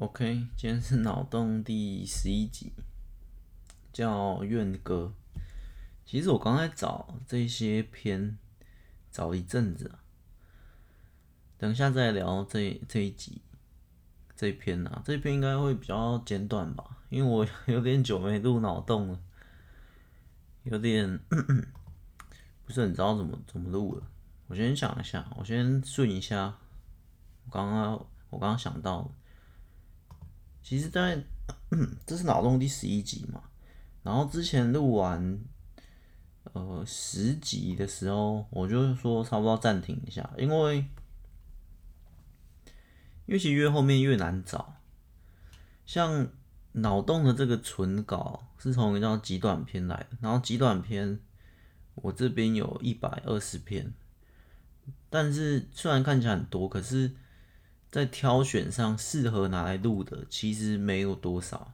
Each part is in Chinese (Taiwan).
OK，今天是腦洞第十一集，叫願歌。其實我剛才找了這些篇，找一陣子，啊，等一下再聊這這一集這一篇啊，這篇應該會比較簡短吧，因為我有點久沒錄腦洞了，有點 不是很知道怎麼怎麼錄了。我先想一下，我先順一下，剛剛我剛剛想到了。其實，在這是腦洞第十一集嘛，然後之前錄完呃十集的時候，我就說差不多暫停一下，因為因為其實越後面越難找，像腦洞的這個存稿是從一張極短篇來的，然後極短篇我這邊有一百二十篇，但是雖然看起來很多，可是。在挑選上適合拿來錄的，其實沒有多少。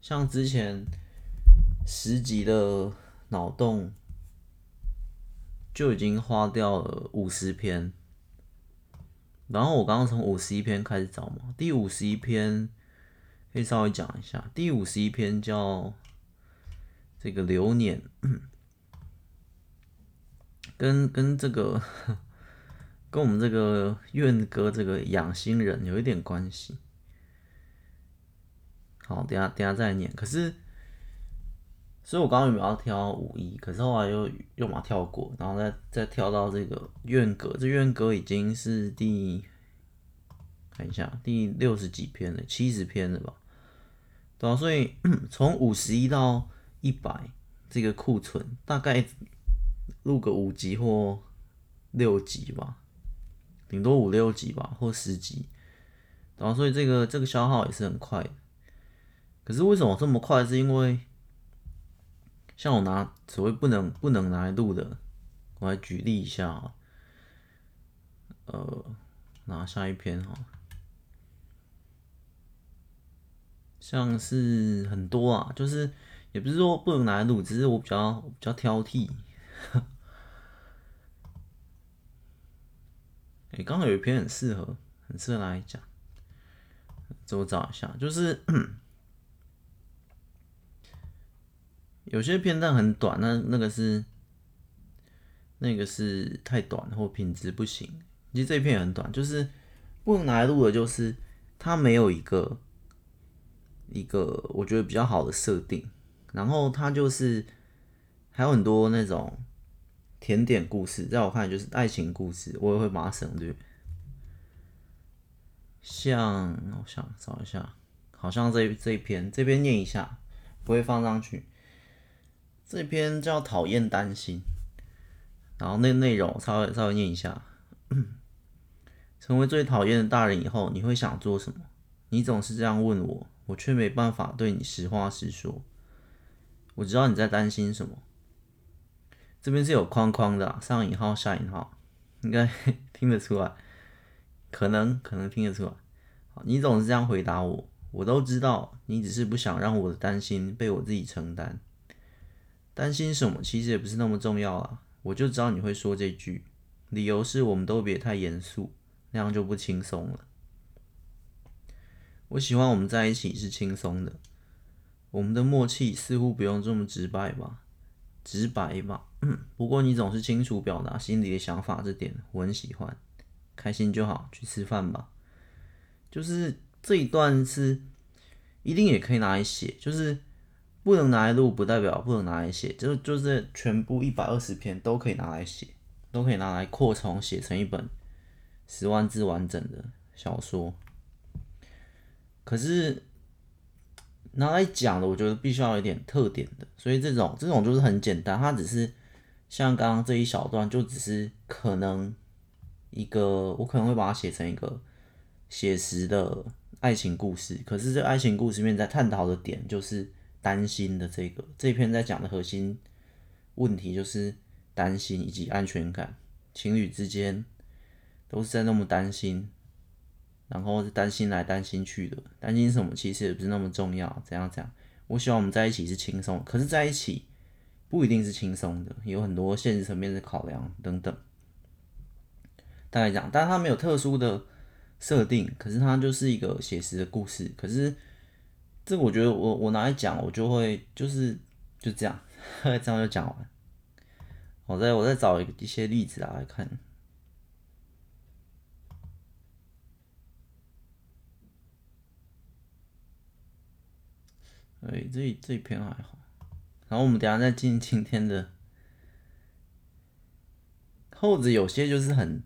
像之前十集的腦洞，就已經花掉了五十篇。然後我剛剛從五十一篇開始找嘛，第五十一篇可以稍微講一下。第五十一篇叫這個流年，跟跟這個。跟我們這個《願歌》這個養星人有一點關係。好，等下等下再念。可是，所以我剛剛有沒有要跳五一？可是後來又又馬跳過，然後再再跳到這個《願歌》。這《願歌》已經是第看一下第六十幾篇了，七十篇了吧？對啊，所以從五十一到一百這個庫存，大概錄個五集或六集吧。頂多五六集吧，或十集，然後，啊，所以這個這個消耗也是很快的。可是為什麼這麼快？是因為像我拿所謂不能不能拿來錄的，我來舉例一下。呃，拿下一篇哈，像是很多啊，就是也不是說不能拿來錄，只是我比較我比較挑剔。你、欸、剛好有一篇很適合，很適合拿來講，這我找一下。就是 有些片段很短，那那個是那個是太短，或品質不行。其實這一篇也很短，就是不能拿來錄的，就是它沒有一個一個我覺得比較好的設定，然後它就是還有很多那種。甜點故事，在我看來就是愛情故事，我也會把它省略。像我想找一下，好像這一這一篇，這邊念一下，不會放上去。這篇叫《討厭擔心》，然後那內容稍微稍微念一下。成為最討厭的大人以後，你會想做什麼？你總是這樣問我，我卻沒辦法對你實話實說。我知道你在擔心什麼。這邊是有框框的，上引號下引號，應該聽得出來，可能可能聽得出來。好，你總是這樣回答我，我都知道，你只是不想讓我的擔心被我自己承擔。擔心什麼？其實也不是那麼重要啦。我就知道你會說這句，理由是我們都別太嚴肅，那樣就不輕鬆了。我喜歡我們在一起是輕鬆的，我們的默契似乎不用這麼直白吧。直白吧，嗯，不過你總是清楚表達心裡的想法，這點我很喜歡。開心就好，去吃飯吧。就是這一段是一定也可以拿來寫，就是不能拿來錄，不代表不能拿來寫。就就是全部一百二十篇都可以拿來寫，都可以拿來擴充寫成一本十萬字完整的小說。可是。拿來講的，我覺得必須要有一點特點的，所以這種這種就是很簡單，他只是像剛剛這一小段，就只是可能一個，我可能會把它寫成一個寫實的愛情故事。可是這愛情故事面在探討的點，就是擔心的這個這篇在講的核心問題，就是擔心以及安全感，情侶之間都是在那麼擔心。然後是擔心來擔心去的，擔心什麼其實也不是那麼重要，怎樣怎樣。我希望我們在一起是輕鬆，可是在一起不一定是輕鬆的，有很多現實層面的考量等等。大概講，但是它沒有特殊的設定，可是它就是一個寫實的故事。可是這個我覺得我，我我拿來講，我就會就是就這樣呵呵，這樣就講完。好，我再我再找一一些例子來看。對、欸，這一這一篇還好。然後我們等一下再進今天的。後子有些就是很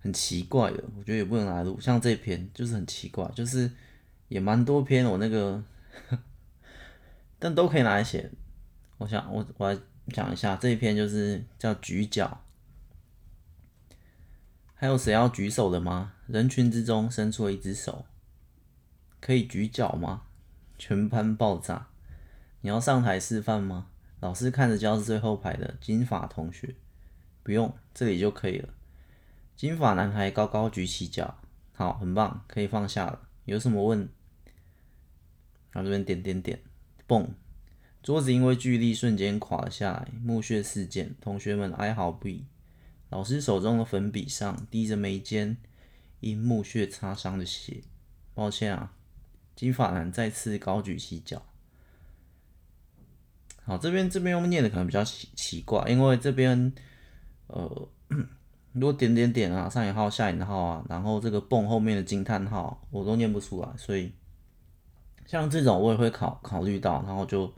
很奇怪的，我覺得也不能來錄。像這篇就是很奇怪，就是也蠻多篇，我那個，呵但都可以拿來寫。我想我我來講一下這一篇，就是叫舉腳。還有誰要舉手的嗎？人群之中伸出了一隻手，可以舉腳嗎？全班爆炸！你要上台示範嗎？老師看着教室最後排的金髮同學，不用，這裡就可以了。金髮男孩高高舉起腳，好，很棒，可以放下了。有什麼問？他、啊、這邊點點點，嘣！桌子因為巨力瞬間垮了下來，木屑四濺，同學們哀嚎不已。老師手中的粉筆上滴着眉間因木屑擦傷的血，抱歉啊。金髮男再次高舉起腳。好，這邊這邊用念的可能比較奇奇怪，因為這邊呃，如果點點點啊，上引號下引號啊，然後這個泵後面的驚嘆號，我都念不出來。所以像這種我也會考考慮到，然後就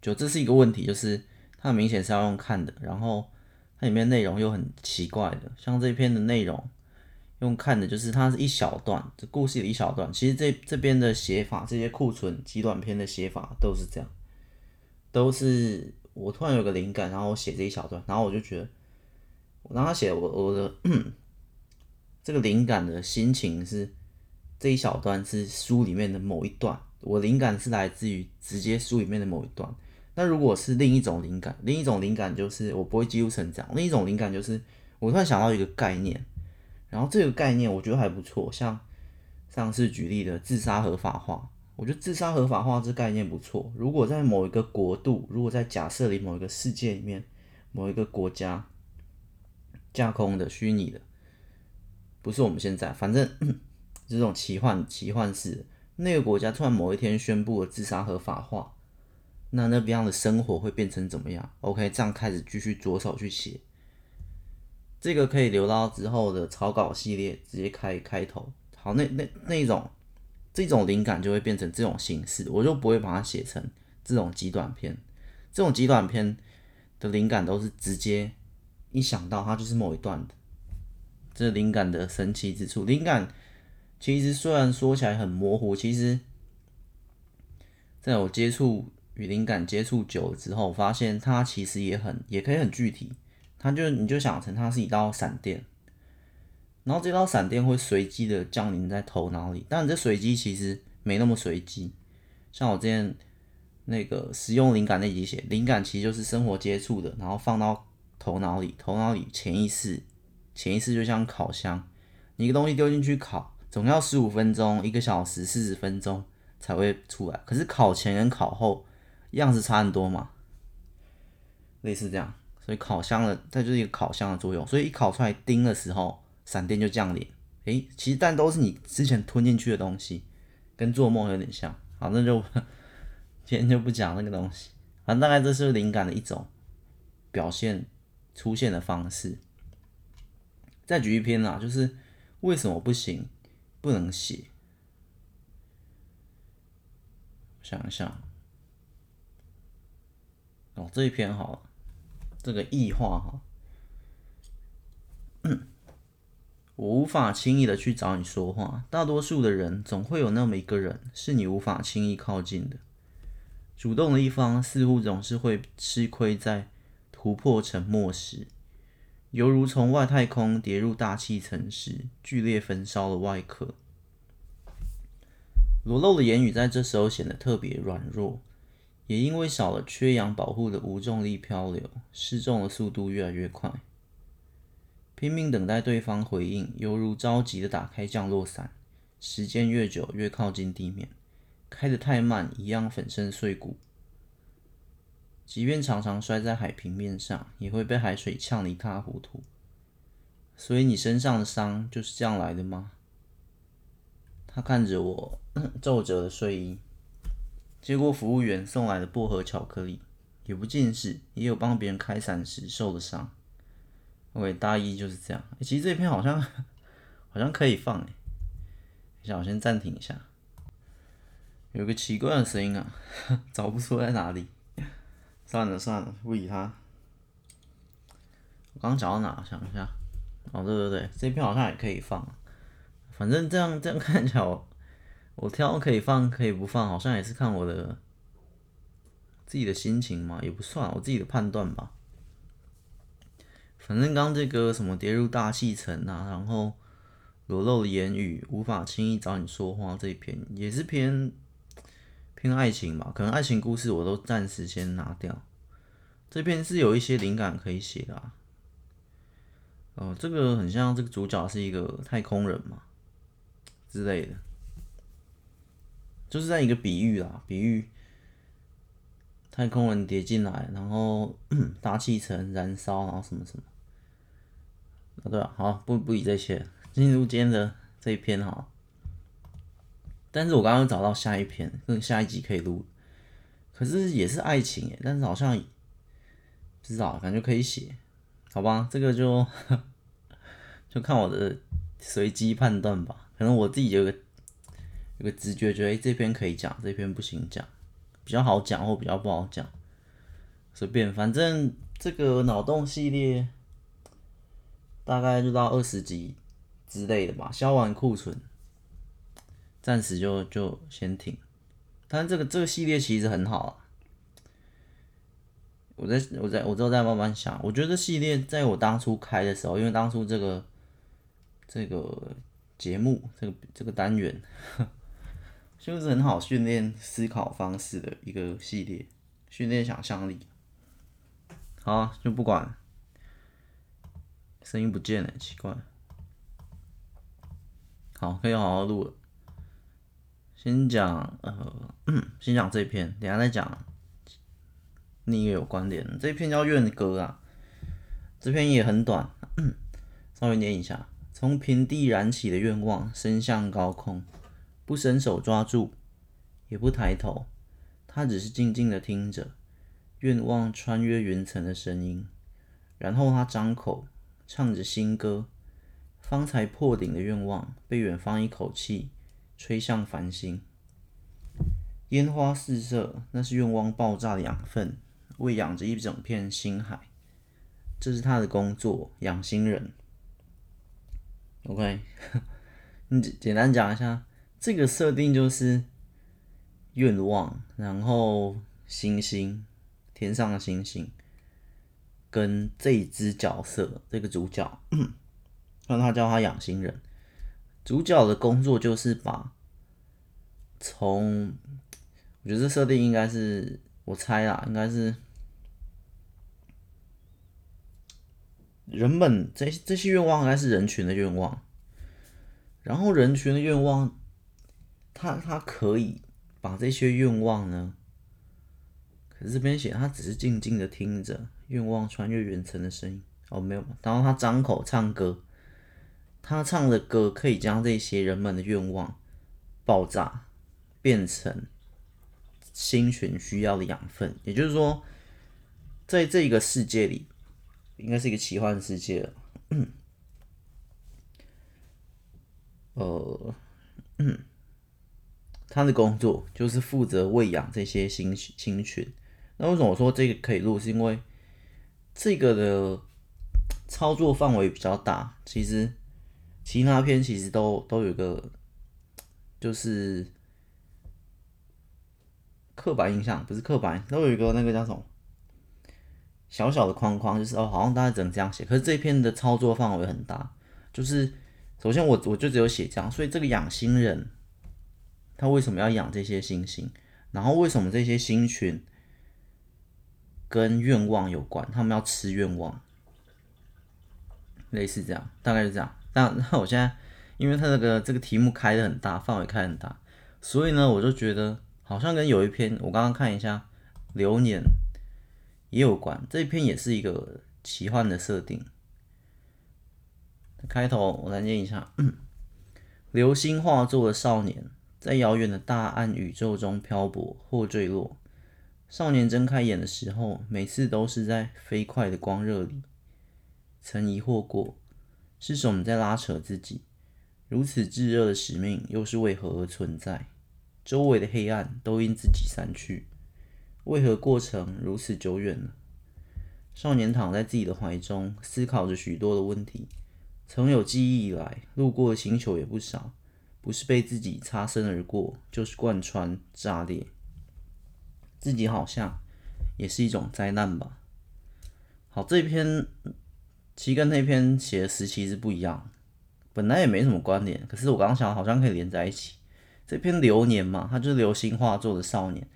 就這是一個問題，就是它明顯是要用看的，然後它裡面內容又很奇怪的，像這篇的內容。用看的就是它是一小段，這故事裡一小段。其實這這邊的寫法，這些庫存極短篇的寫法都是這樣，都是我突然有個靈感，然後我寫這一小段，然後我就覺得我讓他寫我我的,我的這個靈感的心情是這一小段是書裡面的某一段，我靈感是來自於直接書裡面的某一段。那如果是另一種靈感，另一種靈感就是我不會記錄成這樣，另一種靈感就是我突然想到一個概念。然後這個概念我覺得還不錯，像上次舉例的自殺合法化，我覺得自殺合法化這概念不錯。如果在某一個國度，如果在假設裡某一個世界裡面，某一個國家架空的虛擬的，不是我們現在，反正、嗯、這種奇幻奇幻式，那個國家突然某一天宣布了自殺合法化，那那邊的生活會變成怎麼樣？OK，這樣開始繼續着手去寫。這個可以留到之後的草稿系列直接開開頭，好，那那那種這種靈感就會變成這種形式，我就不會把它寫成這種極短篇。這種極短篇的靈感都是直接一想到它就是某一段的，這靈感的神奇之處。靈感其實雖然說起來很模糊，其實在我接觸與靈感接觸久了之後，發現它其實也很也可以很具體。它就你就想成它是一道閃電，然後這道閃電會隨機的降臨在頭腦裡，但你這隨機其實沒那麼隨機。像我之前那個使用靈感那集寫靈感，其實就是生活接觸的，然後放到頭腦裡，頭腦裡潛意識，潛意識就像烤箱，你一個東西丟進去烤，總要十五分鐘、一個小時、四十分鐘才會出來，可是烤前跟烤後樣子差很多嘛，類似這樣。所以烤箱的，它就是一個烤箱的作用。所以一烤出來叮的時候，閃電就降臨。哎、欸，其實蛋都是你之前吞進去的東西，跟做夢有點像。反正就今天就不講那個東西。反正大概這是靈感的一種表現出現的方式。再舉一篇啦，就是為什麼不行、不能寫？想一想，哦，這一篇好了。這個異化哈、嗯，我無法輕易的去找你說話。大多數的人總會有那麼一個人是你無法輕易靠近的。主動的一方似乎總是會吃虧，在突破沉默時，猶如從外太空跌入大氣層時，劇烈焚燒了外殼。裸露的言語在這時候顯得特別軟弱。也因為少了缺氧保護的無重力漂流，失重的速度越來越快，拼命等待對方回應，猶如着急的打開降落傘。時間越久，越靠近地面，開得太慢一樣粉身碎骨。即便常常摔在海平面上，也會被海水嗆得一塌糊塗。所以你身上的傷就是這樣來的嗎？他看着我呵呵皺褶的睡衣。接過服務員送來的薄荷巧克力，也不近視，也有幫別人開傘時受的傷。OK，大意就是這樣。欸、其實這一片好像好像可以放，欸，想等一下，我先暫停一下，有個奇怪的聲音啊，找不出在哪裡。算了算了，不理他。我剛找講到哪？想一下。哦，對對對，這片好像也可以放。反正這樣這樣看起來我挑可以放，可以不放，好像也是看我的自己的心情嘛，也不算我自己的判斷吧。反正剛這個什麼跌入大氣層啊，然後裸露的言語無法輕易找你說話這一篇，也是偏偏愛情嘛，可能愛情故事我都暫時先拿掉。這篇是有一些靈感可以寫的啊。哦，呃，這個很像這個主角是一個太空人嘛之類的。就是在一個比喻啦，比喻太空人跌進來，然後大氣層燃燒，然後什麼什麼。對啊，好不不以這些進入今天的這一篇哈。但是我剛剛找到下一篇，更下一集可以錄，可是也是愛情哎，但是好像知道，感覺可，可以寫，好吧，這個就就看我的隨機判斷吧，可能我自己有個。有個直覺，覺得哎、欸，這篇可以講，這篇不行講，比較好講或比較不好講，隨便，反正這個腦洞系列大概就到二十集之類的吧，消完庫存，暫時就就先停。但這個這個系列其實很好啊，我在我在我之後再慢慢想，我覺得這系列在我當初開的時候，因為當初這個這個節目，這個這個單元。就是很好訓練思考方式的一個系列，訓練想象力。好、啊，就不管。聲音不見了、欸。奇怪。好，可以好好錄了。先講、呃、先講這篇，等一下再講。另一個有關聯，這篇叫《願歌》啊。這篇也很短，稍微念一下。從平地燃起的願望，升向高空。不伸手抓住，也不抬頭，他只是靜靜的聽着願望穿越雲層的聲音，然後他張口唱着星歌。方才破頂的願望被遠方一口氣吹向繁星，煙花四射，那是願望爆炸的養分，餵養着一整片星海。這是他的工作，養星人。OK， 你簡單講一下。這個設定就是願望，然後星星，天上的星星，跟這隻角色，這個主角，讓他叫他養星人。主角的工作就是把從，我覺得這設定應該是，我猜啊，應該是人們這這些願望，應該是人群的願望，然後人群的願望。他他可以把這些願望呢，可是這邊寫，他只是靜靜的聽着願望穿越雲層的聲音哦沒有，然後他張口唱歌，他唱的歌可以將這些人們的願望爆炸變成星群需要的養分，也就是說，在這個世界裡，應該是一個奇幻世界了，嗯，呃，嗯。他的工作就是負責餵養這些星星群，那為什麼我說這個可以錄？是因為這個的操作範圍比較大。其實其他篇其實都都有一個，就是刻板印象不是刻板，都有一個那個叫什麼小小的框框，就是哦，好像大家只能這樣寫。可是這篇的操作範圍很大，就是首先我我就只有寫這樣，所以這個養星人。他為什麼要養這些星星？然後為什麼這些星群跟願望有關？他們要吃願望，類似這樣，大概是這樣。但那我現在，因為他這個這個題目開的很大，範圍開得很大，所以呢，我就覺得好像跟有一篇我剛剛看一下《流年》也有關。這一篇也是一個奇幻的設定。開頭我來念一下：嗯，流星化作的少年。在遙遠的大暗宇宙中漂泊或墜落，少年睜開眼的時候，每次都是在飛快的光熱裡。曾疑惑過，是什麼在拉扯自己？如此炙熱的使命，又是為何而存在？周圍的黑暗都因自己散去，為何過程如此久遠呢？少年躺在自己的懷中，思考着許多的問題。從有記憶以來，路過的星球也不少。不是被自己擦身而過，就是貫穿炸裂。自己好像也是一種災難吧。好，這篇其實跟那篇寫的時期是不一樣，本來也沒什麼關聯，可是我剛剛想好像可以連在一起。這篇流年嘛，它就是流星化作的少年，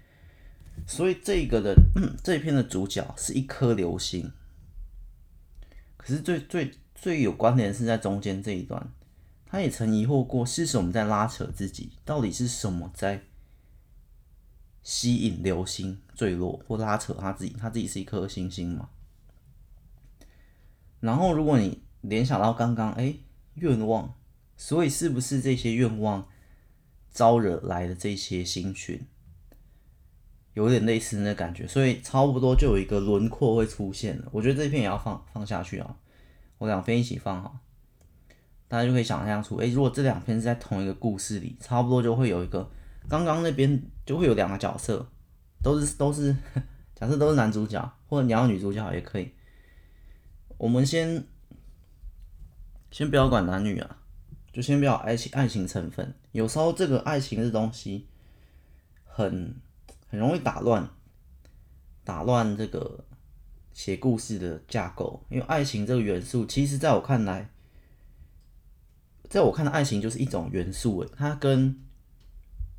所以這個的這一篇的主角是一顆流星。可是最最最有關聯是在中間這一段。他也曾疑惑過，是什麼在拉扯自己？到底是什麼在吸引流星墜落，或拉扯他自己？他自己是一顆星星嘛，然後，如果你聯想到剛剛，哎，願望，所以是不是這些願望招惹來的這些星群，有點類似那感覺？所以，差不多就有一個輪廓會出現了。我覺得這片也要放放下去啊，我兩片一起放哈。大家就可以想象出，誒、欸，如果這兩篇是在同一個故事裡，差不多就會有一個，剛剛那邊就會有兩個角色，都是都是，呵呵，假設都是男主角，或者你要女主角也可以。我們先先不要管男女啊，就先不要愛情愛情成分。有時候這個愛情這東西很很容易打亂，打亂這個寫故事的架構，因為愛情這個元素，其實在我看來。在我看的愛情就是一種元素誒，它跟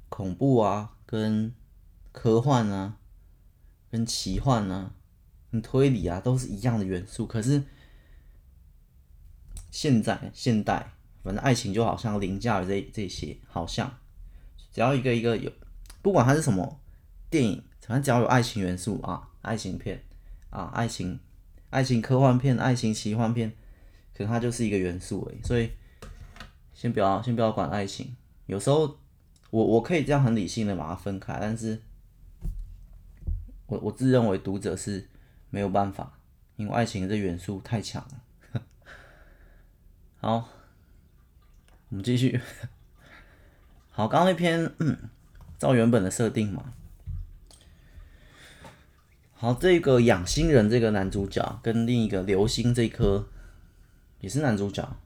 恐怖啊、跟科幻啊、跟奇幻啊、跟推理啊，都是一樣的元素。可是現在現代，反正愛情就好像凌駕於這這些，好像只要一個一個有，不管它是什麼電影，反正只要有愛情元素啊，愛情片啊，愛情愛情科幻片、愛情奇幻片，可能它就是一個元素誒，所以。先不要，先不要管愛情。有時候，我我可以這樣很理性的把它分開，但是我，我我自認為讀者是沒有辦法，因為愛情這元素太強了。 好，我們繼續。好，剛剛那篇，嗯，照原本的設定嘛。好，這個養星人這個男主角跟另一個流星這顆，也是男主角。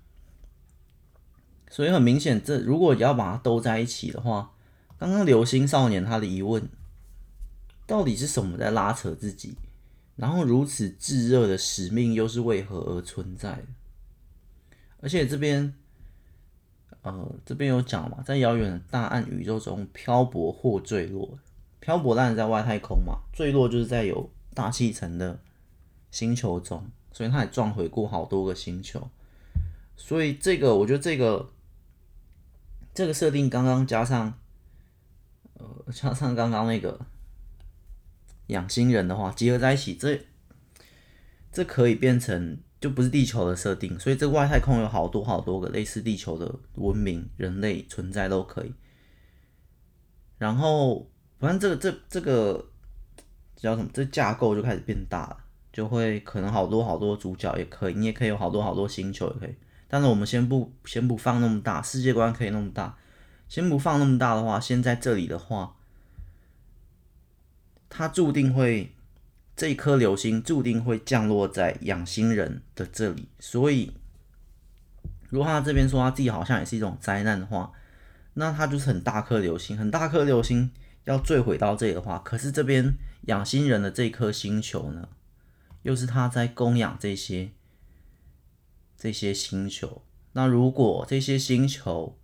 所以很明顯，這如果要把它兜在一起的話，剛剛流星少年他的疑問，到底是什麼在拉扯自己？然後如此炙熱的使命又是為何而存在的？而且這邊，呃，這邊有講嘛，在遙遠的大暗宇宙中漂泊或墜落，漂泊當然在外太空嘛，墜落就是在有大氣層的星球中，所以他也撞毀過好多個星球。所以這個，我覺得這個。這個設定剛剛加上，呃，加上剛剛那個養星人的話，集合在一起，這這可以變成就不是地球的設定，所以這外太空有好多好多個類似地球的文明、人類存在都可以。然後，反正這個這這個這叫什麼？這架構就開始變大了，就會可能好多好多主角也可以，你也可以有好多好多星球也可以。但是我們先不先不放那麼大，世界觀可以那麼大，先不放那麼大的話，先在這裡的話,他注定會這顆流星注定會降落在養星人的這裡。所以，如果他這邊說他自己好像也是一種災難的話，那他就是很大顆流星，很大顆流星要墜毀到這裡的話，可是這邊養星人的這顆星球呢，又是他在供養這些。這些星球，那如果這些星球，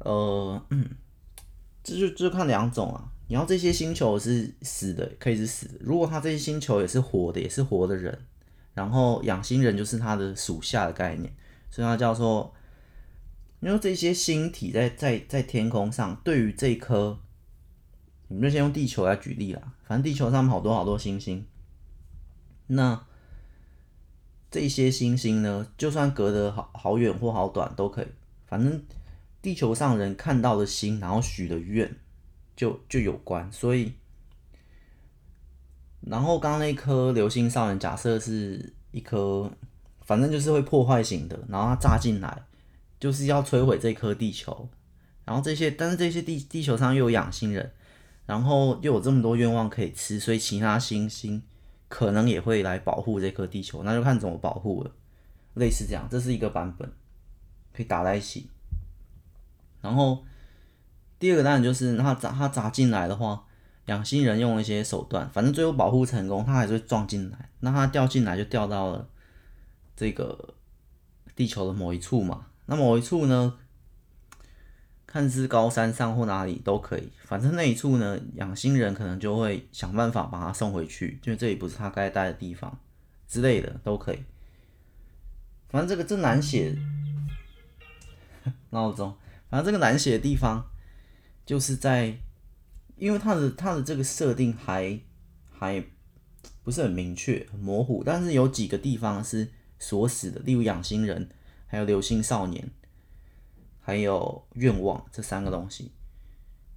呃，嗯、這就就看兩種啊。你要這些星球是死的，可以是死的；如果他這些星球也是活的，也是活的人，然後養星人就是他的屬下的概念，所以他叫做。因為這些星體在在在天空上，對於這顆，我們就先用地球來舉例啦。反正地球上面好多好多星星，那。這些星星呢，就算隔得好好遠或好短都可以，反正地球上人看到的星，然後許的願就就有關。所以，然後剛剛那顆流星少年假設是一顆，反正就是會破壞型的，然後它炸進來就是要摧毀這顆地球。然後這些，但是這些地地球上又有養星人，然後又有這麼多願望可以吃，所以其他星星。可能也會來保護這顆地球，那就看怎麼保護了。類似這樣，這是一個版本，可以打在一起。然後第二個答案就是，那他砸他砸進來的話，養星人用一些手段，反正最後保護成功，他還是會撞進來。那他掉進來就掉到了這個地球的某一處嘛？那某一處呢？看似高山上或哪裡都可以，反正那一處呢，養星人可能就會想辦法，把他送回去，就這裡不是他該待的地方之類的都可以。反正這個真難寫，鬧鐘。反正這個難寫的地方就是在，因為他的他的這個設定還還不是很明確、很模糊，但是有幾個地方是鎖死的，例如養星人，還有流星少年。還有願望這三個東西，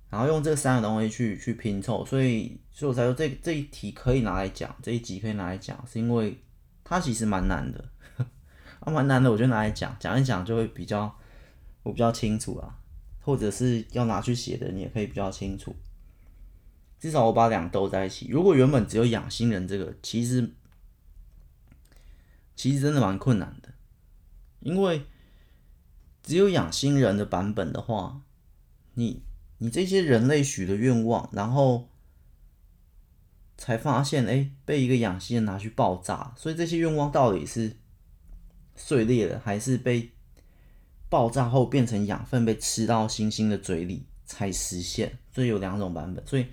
然後用這三個東西去去拼湊，所以所以我才說這這一題可以拿來講，這一集可以拿來講，是因為它其實蠻難的，啊蠻難的，我就拿來講講一講就會比較我比較清楚啊，或者是要拿去寫的，你也可以比較清楚。至少我把兩兜在一起，如果原本只有養星人這個，其實其實真的蠻困難的，因為。只有養星人的版本的話，你你這些人類許的願望，然後才發現哎、欸，被一個養星人拿去爆炸，所以這些願望到底是碎裂了，還是被爆炸後變成養分被吃到星星的嘴裡才實現？所以有兩種版本。所以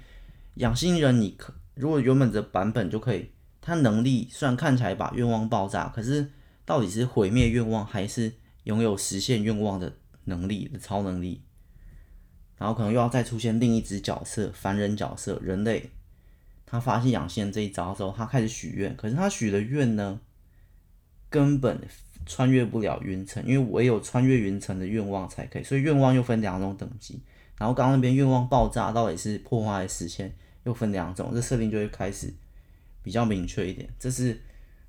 養星人，你可如果原本的版本就可以，他能力雖然看起來把願望爆炸，可是到底是毀滅願望還是？擁有實現願望的能力的超能力，然後可能又要再出現另一隻角色，凡人角色，人類。他發現養星這一招之後，他開始許願，可是他許的願呢，根本穿越不了雲層，因為唯有穿越雲層的願望才可以。所以願望又分兩種等級，然後剛剛那邊願望爆炸到底是破壞還是實現，又分兩種，這設定就會開始比較明確一點。這是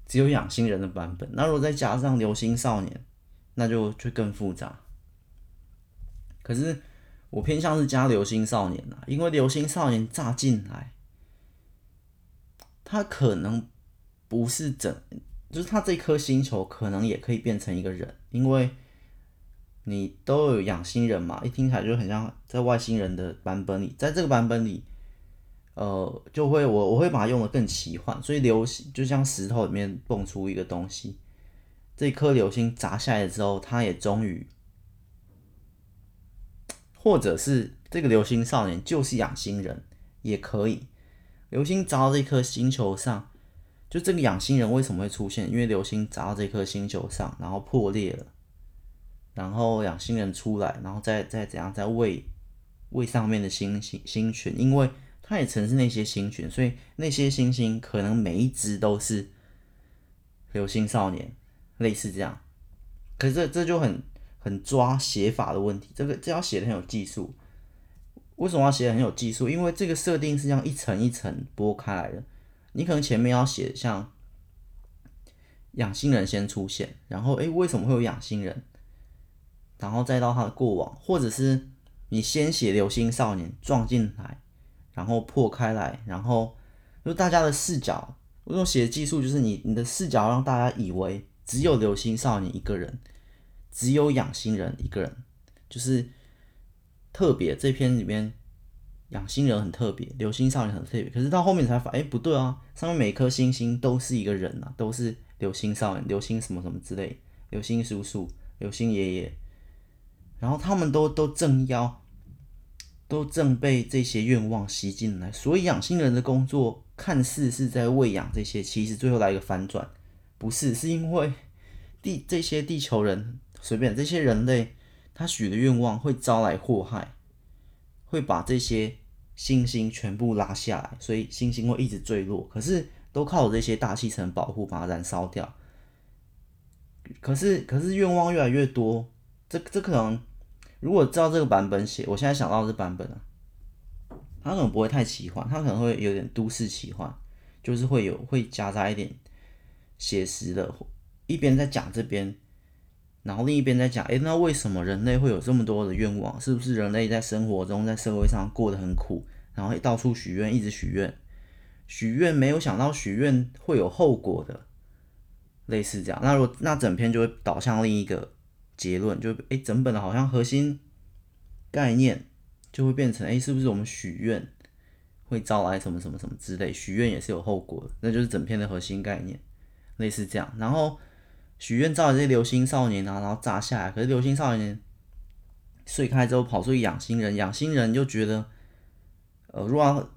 只有養星人的版本，那如果再加上流星少年，那就就更複雜。可是我偏向是加流星少年啦、啊，因為流星少年炸進來，他可能不是整，就是他這顆星球可能也可以變成一個人，因為你都有養星人嘛，一聽起來就很像在外星人的版本裡，在這個版本裡，呃，就會我我會把它用得更奇幻，所以流星就像石頭裡面蹦出一個東西。這顆流星砸下來之後，他也終於，或者是這個流星少年就是養星人也可以。流星砸到這顆星球上，就這個養星人為什麼會出現？因為流星砸到這顆星球上，然後破裂了，然後養星人出來，然後再再怎樣再餵餵上面的星星星群，因為他也曾是那些星群，所以那些星星可能每一隻都是流星少年。類似這樣，可是這，這就很很抓寫法的問題。這個這要寫得很有技術。為什麼要寫得很有技術？因為這個設定是這樣一層一層剝開來的。你可能前面要寫像養星人先出現，然後哎、欸、為什麼會有養星人？然後再到他的過往，或者是你先寫流星少年撞進來，然後破開來，然後就大家的視角。我這種寫技術就是你你的視角讓大家以為。只有流星少年一個人，只有養星人一個人，就是特別這篇裡面養星人很特別，流星少年很特別。可是到後面才發現，哎、欸，不對啊，上面每顆星星都是一個人啊，都是流星少年、流星什麼什麼之類，流星叔叔、流星爺爺，然後他們都都正要，都正被這些願望吸進來。所以養星人的工作看似是在餵養這些，其實最後來一個反轉。不是，是因為地這些地球人隨便這些人類，他許的願望會招來禍害，會把這些星星全部拉下來，所以星星會一直墜落。可是都靠這些大氣層保護把它燃燒掉。可是，可是願望越來越多，這這可能如果照這個版本寫，我現在想到這版本啊，他可能不會太奇幻，他可能會有點都市奇幻，就是會有會夾雜一點。寫實的，一邊在講這邊，然後另一邊在講，欸，那為什麼人類會有這麼多的願望？是不是人類在生活中，在社會上過得很苦，然後到處許願，一直許願，許願沒有想到許願會有後果的，類似這樣。那如果那整篇就會導向另一個結論，就欸，整本的好像核心概念就會變成，欸，是不是我們許願會招來什麼什麼什麼之類？許願也是有後果的，那就是整篇的核心概念。類似這樣，然後許願造的這些流星少年啊，然後砸下來。可是流星少年碎開之後，跑出去養星人。養星人就覺得，呃，如果要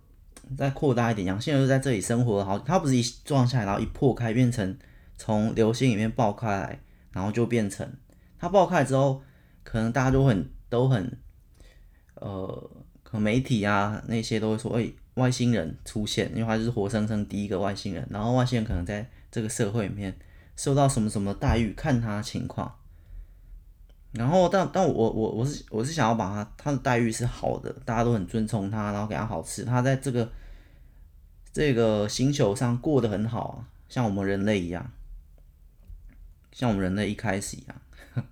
再擴大一點，養星人就在這裡生活。好，他不是一撞下來，然後一破開變成從流星裡面爆開來，然後就變成他爆開之後，可能大家都很都很，呃，可媒體啊那些都會說，哎、欸，外星人出現，因為他就是活生生第一個外星人。然後外星人可能在。這個社會裡面受到什麼什麼待遇，看他情況。然後，但但我我我是我是想要把他他的待遇是好的，大家都很尊重他，然後給他好吃，他在這個這個星球上過得很好啊，像我們人類一樣，像我們人類一開始一樣，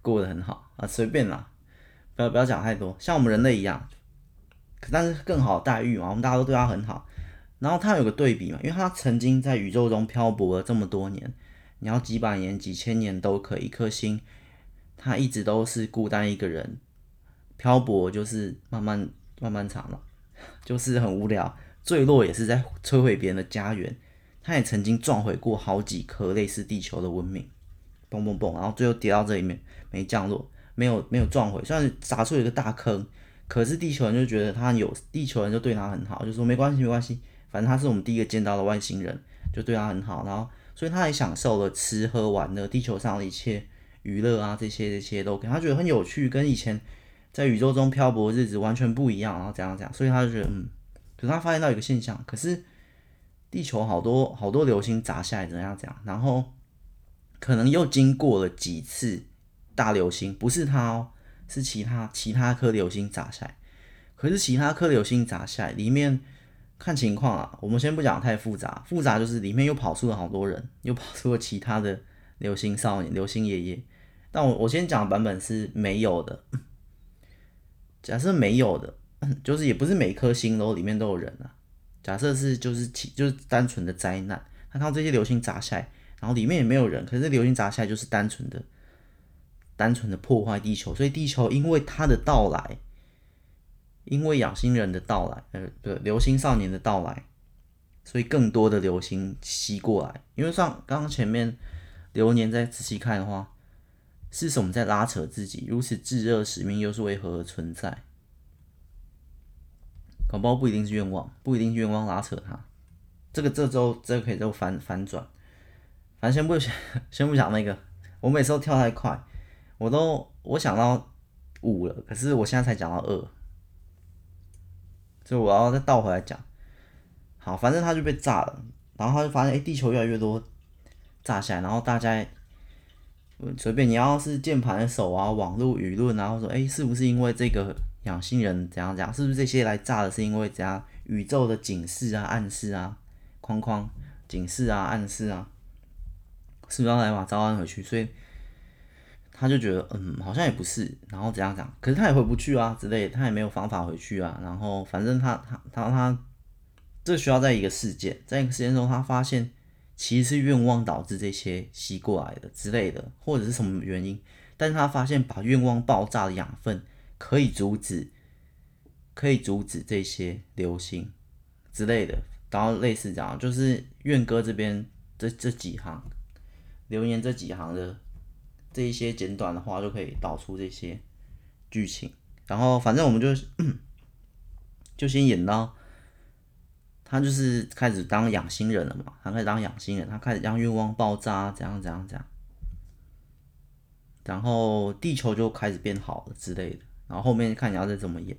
過得很好啊，隨便啦，不要不要講太多，像我們人類一樣，但是更好的待遇嘛，我們大家都對他很好。然後他有個對比嘛，因為他曾經在宇宙中漂泊了這麼多年，你要幾百年、幾千年都可。一顆星，他一直都是孤單一個人，漂泊就是慢慢、慢慢長了，就是很無聊。墜落也是在摧毀別人的家園，他也曾經撞毀過好幾顆類似地球的文明，嘣嘣嘣，然後最後跌到這裡面，沒降落，沒有沒有撞毀，雖然砸出一個大坑，可是地球人就覺得他有，地球人就對他很好，就說沒關係，沒關係。反正他是我們第一個見到的外星人，就對他很好，然後所以他也享受了吃喝玩樂，地球上的一切娛樂啊，這些這些都給他，他覺得很有趣，跟以前在宇宙中漂泊的日子完全不一樣，然後怎樣怎樣，所以他就覺得嗯，可是他發現到一個現象，可是地球好多好多流星砸下來，怎樣怎樣，然後可能又經過了幾次大流星，不是他哦，是其他其他顆流星砸下來，可是其他顆流星砸下來裡面。看情況啊，我們先不講太複雜，複雜就是裡面又跑出了好多人，又跑出了其他的流星少年、流星爺爺。但我我先講的版本是沒有的，呵呵假設沒有的，就是也不是每顆星都裡面都有人啊。假設是就是其就是單純的災難，他看到這些流星砸下來，然後裡面也沒有人，可是流星砸下來就是單純的、單純的破壞地球，所以地球因為它的到來。因為養星人的到來，呃，對，流星少年的到來，所以更多的流星吸過來。因為像剛剛前面流年在仔細看的話，是什麼在拉扯自己？如此炙熱的使命又是為何而存在？搞不好不一定是願望，不一定是願望拉扯他。這個這週這個、可以做反反轉。反正先不先先不講那個，我每次都跳太快，我都我想到五了，可是我現在才講到二。就我要再倒回來講，好，反正他就被炸了，然後他就發現，哎、欸，地球越來越多炸起來，然後大家隨便，你要是鍵盤手啊，網絡輿論，然後、啊、說，哎、欸，是不是因為這個養星人怎樣怎樣，是不是這些來炸的，是因為怎樣宇宙的警示啊、暗示啊、框框警示啊、暗示啊，是不是要來把召喚回去？所以。他就覺得，嗯，好像也不是，然後怎樣講？可是他也回不去啊，之類的，他也沒有方法回去啊。然後，反正他他他他，他，這需要在一個事件，在一個事件中，他發現其實是願望導致這些吸過來的之類的，或者是什麼原因。但是他發現把願望爆炸的養分可以阻止，可以阻止這些流星之類的。然後類似這樣，就是願歌這邊這這幾行留言這幾行的。這一些簡短的話就可以導出這些劇情，然後反正我們就就先演到他就是開始當養星人了嘛，他開始當養星人，他開始讓願望爆炸，怎樣怎樣怎樣，然後地球就開始變好了之類的，然後後面看你要再怎麼演，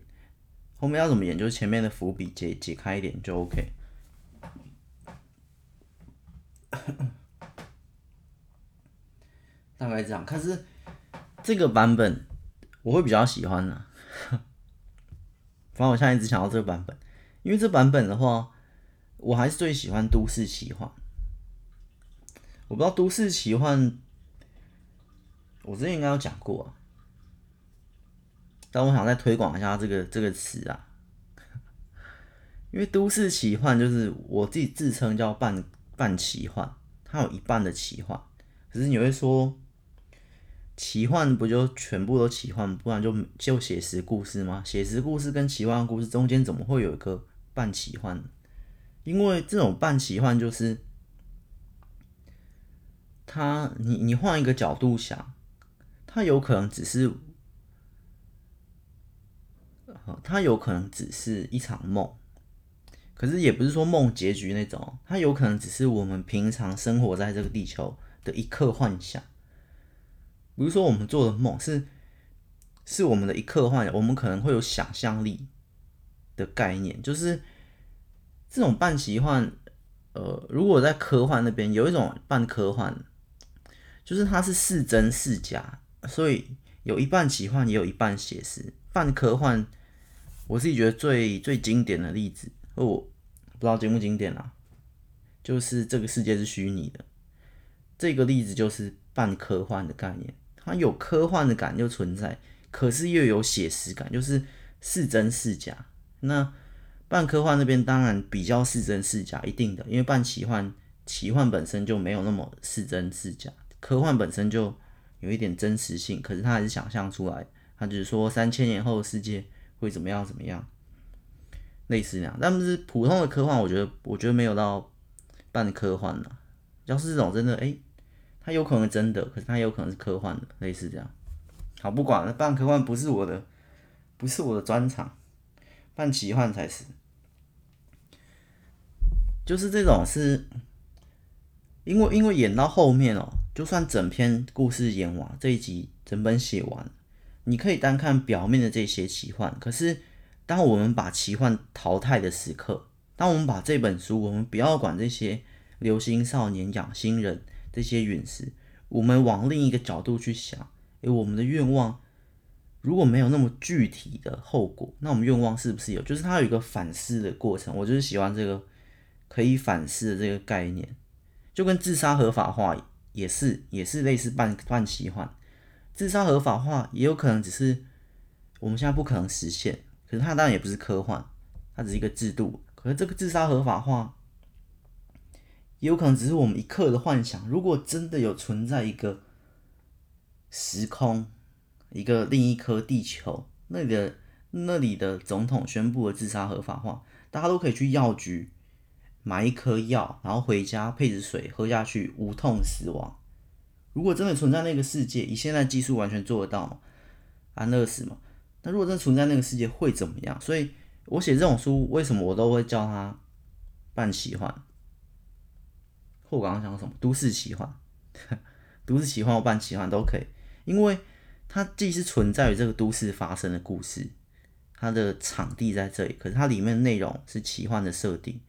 後面要怎麼演，就是前面的伏筆解解開一點就 OK。 大概這樣，可是這個版本我會比較喜歡呢啊。反正我現在一直想要這個版本，因為這版本的話，我還是最喜歡都市奇幻。我不知道都市奇幻，我之前應該有講過啊，但我想再推廣一下這個這個詞啊，因為都市奇幻就是我自己自稱叫半半奇幻，它有一半的奇幻，可是你會說。奇幻不就全部都奇幻，不然就就寫實故事嗎？寫實故事跟奇幻故事中間怎麼會有一個半奇幻？因為這種半奇幻就是，他，你你換一個角度想，他有可能只是，他有可能只是一場夢，可是也不是說夢結局那種，他有可能只是我們平常生活在這個地球的一刻幻想。比如說，我們做的夢是是我們的一刻幻想，我們可能會有想象力的概念，就是這種半奇幻。呃，如果在科幻那邊有一種半科幻，就是它是是真是假，所以有一半奇幻，也有一半寫實。半科幻，我自己覺得最最經典的例子，我、哦，不知道經不經典啦，啊，就是這個世界是虛擬的。這個例子就是半科幻的概念。它有科幻的感就存在，可是又有寫實感，就是是真是假。那半科幻那邊當然比較是真是假，一定的，因為半奇幻奇幻本身就沒有那麼是真是假，科幻本身就有一點真實性，可是它還是想象出來，它就是說三千年後世界會怎麼樣怎麼樣，類似那樣。但是普通的科幻，我覺得我覺得沒有到半科幻了。要是這種真的哎。欸他有可能真的，可是他有可能是科幻的，類似這樣。好，不管了，扮科幻不是我的，不是我的專長，辦奇幻才是。就是這種是，是因為因為演到後面哦、喔，就算整篇故事演完，這一集整本寫完，你可以單看表面的這些奇幻。可是，當我們把奇幻淘汰的時刻，當我們把這本書，我們不要管這些流星少年養星人。這些隕石，我們往另一個角度去想，誒，我們的願望如果沒有那麼具體的後果，那我們願望是不是有？就是它有一個反思的過程。我就是喜歡這個可以反思的這個概念，就跟自殺合法化也是，也是類似半半奇幻。自殺合法化也有可能只是我們現在不可能實現，可是它當然也不是科幻，它只是一個制度。可是這個自殺合法化。也有可能只是我們一刻的幻想。如果真的有存在一個時空，一個另一顆地球，那裡的那裡的總統宣布了自殺合法化，大家都可以去藥局買一顆藥，然後回家配着水喝下去，無痛死亡。如果真的存在那個世界，以現在技術完全做得到嗎？安樂死嗎？那如果真的存在那個世界，會怎麼樣？所以我寫這種書，為什麼我都會叫他半奇幻？或我剛剛講什麼都市奇幻，哼，都市奇幻或半奇幻都可以，因為它既是存在於這個都市發生的故事，它的場地在這裡，可是它裡面的內容是奇幻的設定，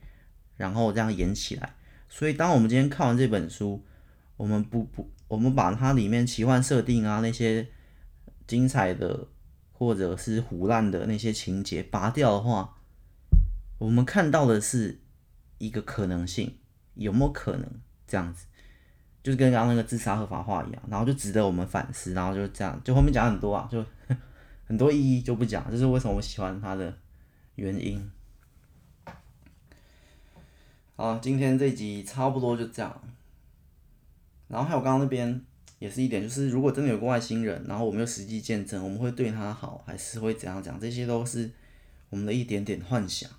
然後這樣演起來。所以當我們今天看完這本書，我們不不我們把它裡面奇幻設定啊、那些精彩的或者是胡亂的那些情節拔掉的話，我們看到的是一個可能性。有沒有可能這樣子，就是跟剛剛那個自殺合法化一樣，然後就值得我們反思。然後就這樣，就後面講很多啊，就很多意義就不講。這、就是為什麼我喜歡他的原因。好，今天這一集差不多就這樣。然後還有剛剛那邊也是一點，就是如果真的有個外星人，然後我們又實際見證，我們會對他好，還是會怎樣講？這些都是我們的一點點幻想。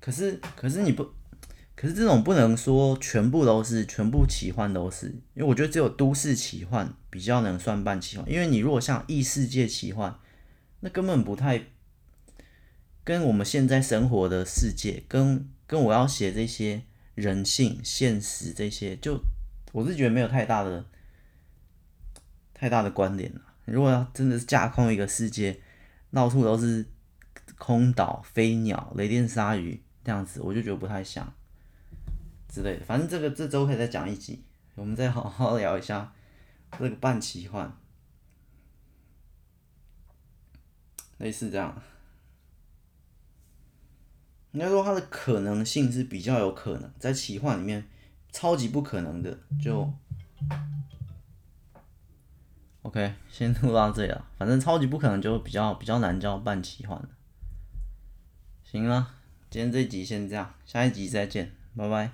可是，可是你不。可是這種不能說全部都是，全部奇幻都是，因為我覺得只有都市奇幻比較能算半奇幻。因為你如果像異世界奇幻，那根本不太跟我們現在生活的世界，跟跟我要寫這些人性、現實這些，就我是覺得沒有太大的太大的關聯了。如果要真的是架空一個世界，到處都是空島、飛鳥、雷電鯊魚這樣子，我就覺得不太像。之類的，反正這個這週可以再講一集，我們再好好聊一下這個半奇幻，類似這樣。應該說它的可能性是比較有可能，在奇幻裡面超級不可能的。就 OK，先錄到這裡了。反正超級不可能就比較比較難叫半奇幻了。行了，今天這一集先這樣，下一集再見，拜拜。